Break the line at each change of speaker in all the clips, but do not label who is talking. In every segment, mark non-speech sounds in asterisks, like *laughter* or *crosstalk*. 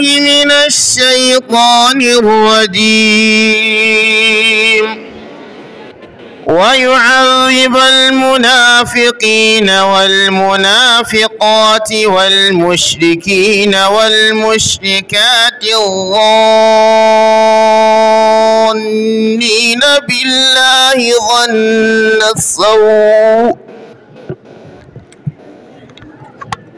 بالله من الشيطان الرجيم ويعذب المنافقين والمنافقات والمشركين والمشركات الظانين بالله ظن السوء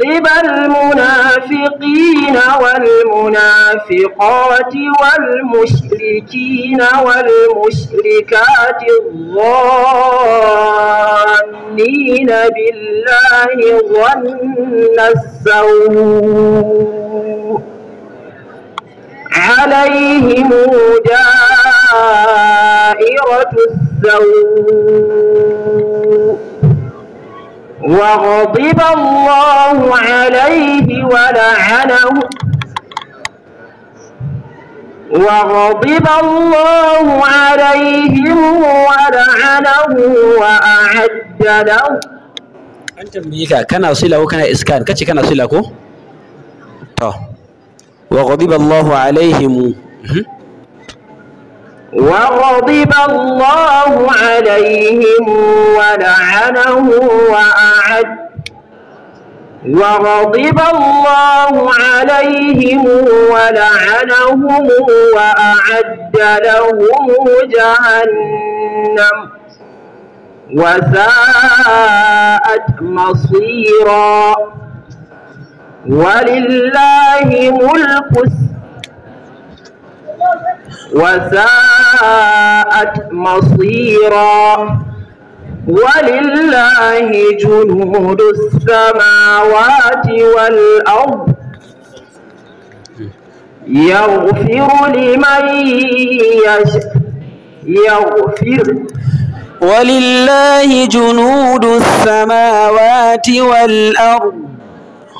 ليعذب المنافقين والمنافقات
والمشركين والمشركات الظانين بالله ظن السوء عليهم دائرة السوء وغضب الله عليه ولعنه وغضب الله عليهم ولعنه
وأعد له كان أصيله كان إسكان كتش كان أصيله وغضب الله عليهم وغضب الله
عليهم ولعنه وأعد وغضب الله عليهم ولعنهم وأعد لهم جهنم وساءت مصيرا ولله ملك السماء
وساءت
مصيرا ولله جنود السماوات والأرض يغفر لمن يشاء يغفر ولله جنود السماوات والأرض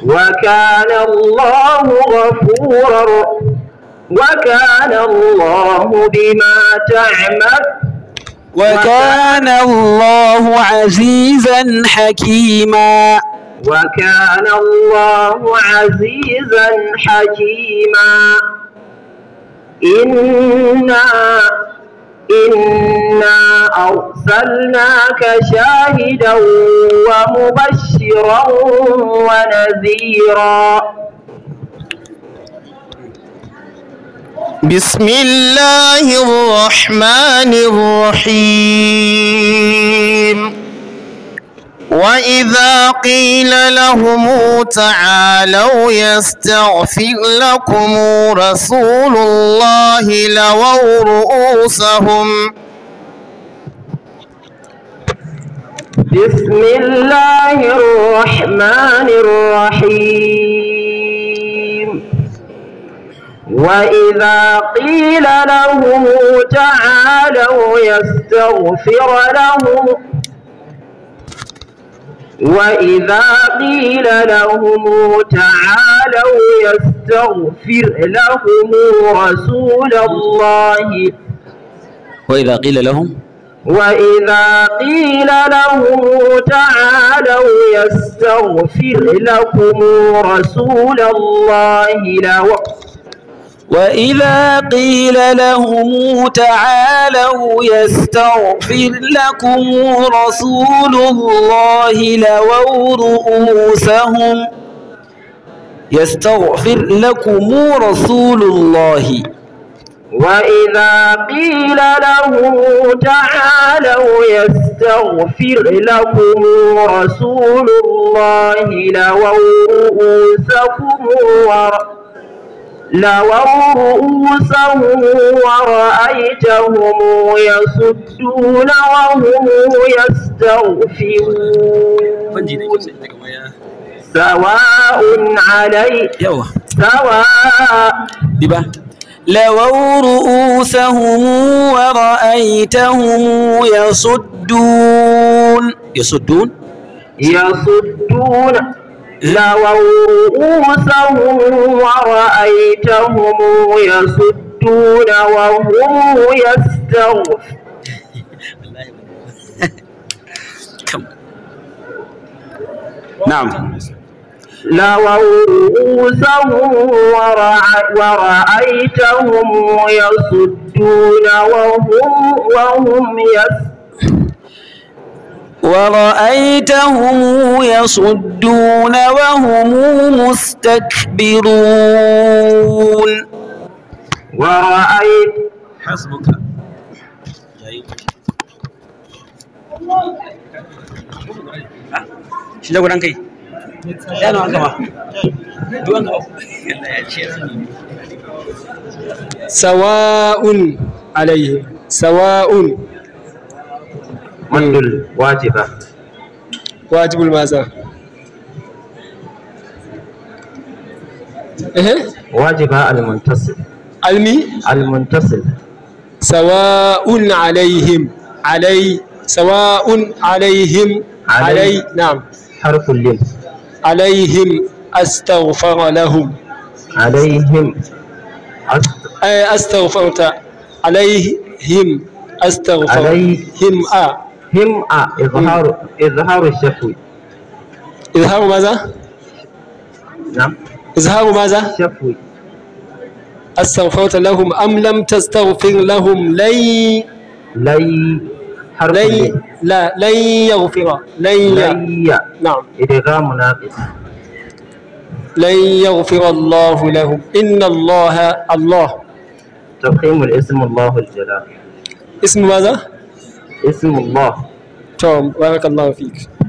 وكان الله غفورا وكان الله بما تعمل
وكان
الله عزيزا حكيما وكان الله عزيزا حكيما إنا إنا أرسلناك شاهدا ومبشرا ونذيرا بسم الله الرحمن الرحيم وإذا قيل لهم تعالوا يستغفر لكم رسول الله لووا رؤوسهم بسم الله الرحمن الرحيم وإذا قيل لهم تعالوا يستغفر لهم وإذا قيل لهم تعالوا يستغفر لهم رسول الله
وإذا قيل لهم
وإذا قيل لهم تعالوا يستغفر لكم رسول الله لوقت وإذا قيل لهم تعالوا يستغفر لكم رسول الله لووا رؤوسهم يستغفر لكم رسول
الله
وإذا قيل له تعالوا يستغفر لكم رسول الله لووا رؤوسكم ورأوا Lawaru usahun wara aitaun ya sudun. Lawaru ya sudun. Ya sudun? لووا ورأيتهم يسدون وهم يستغفرون *laughs* نعم لووا ورأيتهم يسدون وهم وهم يستغفرون
ورأيتهم يصدون
وهم مستكبرون
ورأيت حسبك شنو قلت لك؟ سواء عليهم سواء مد الواجبة واجب الماذا؟ إيه؟ واجبها المنتصب المي؟ المنتصب سواء عليهم علي سواء عليهم علي, علي نعم حرف اللين عليهم استغفر لهم عليهم أستغفرت عليهم استغفر عليهم أ آه. هم آه، إظهار إظهار الشفوي إظهار ماذا؟ نعم إظهار ماذا؟ الشفوي استغفرت لهم أم لم تستغفر لهم لي لي لي لا لن يغفر لن لي نعم إدغام ناقص لن يغفر الله لهم إن الله الله تقيم الاسم الله الجلال اسم ماذا؟ اسم الله توم بارك الله فيك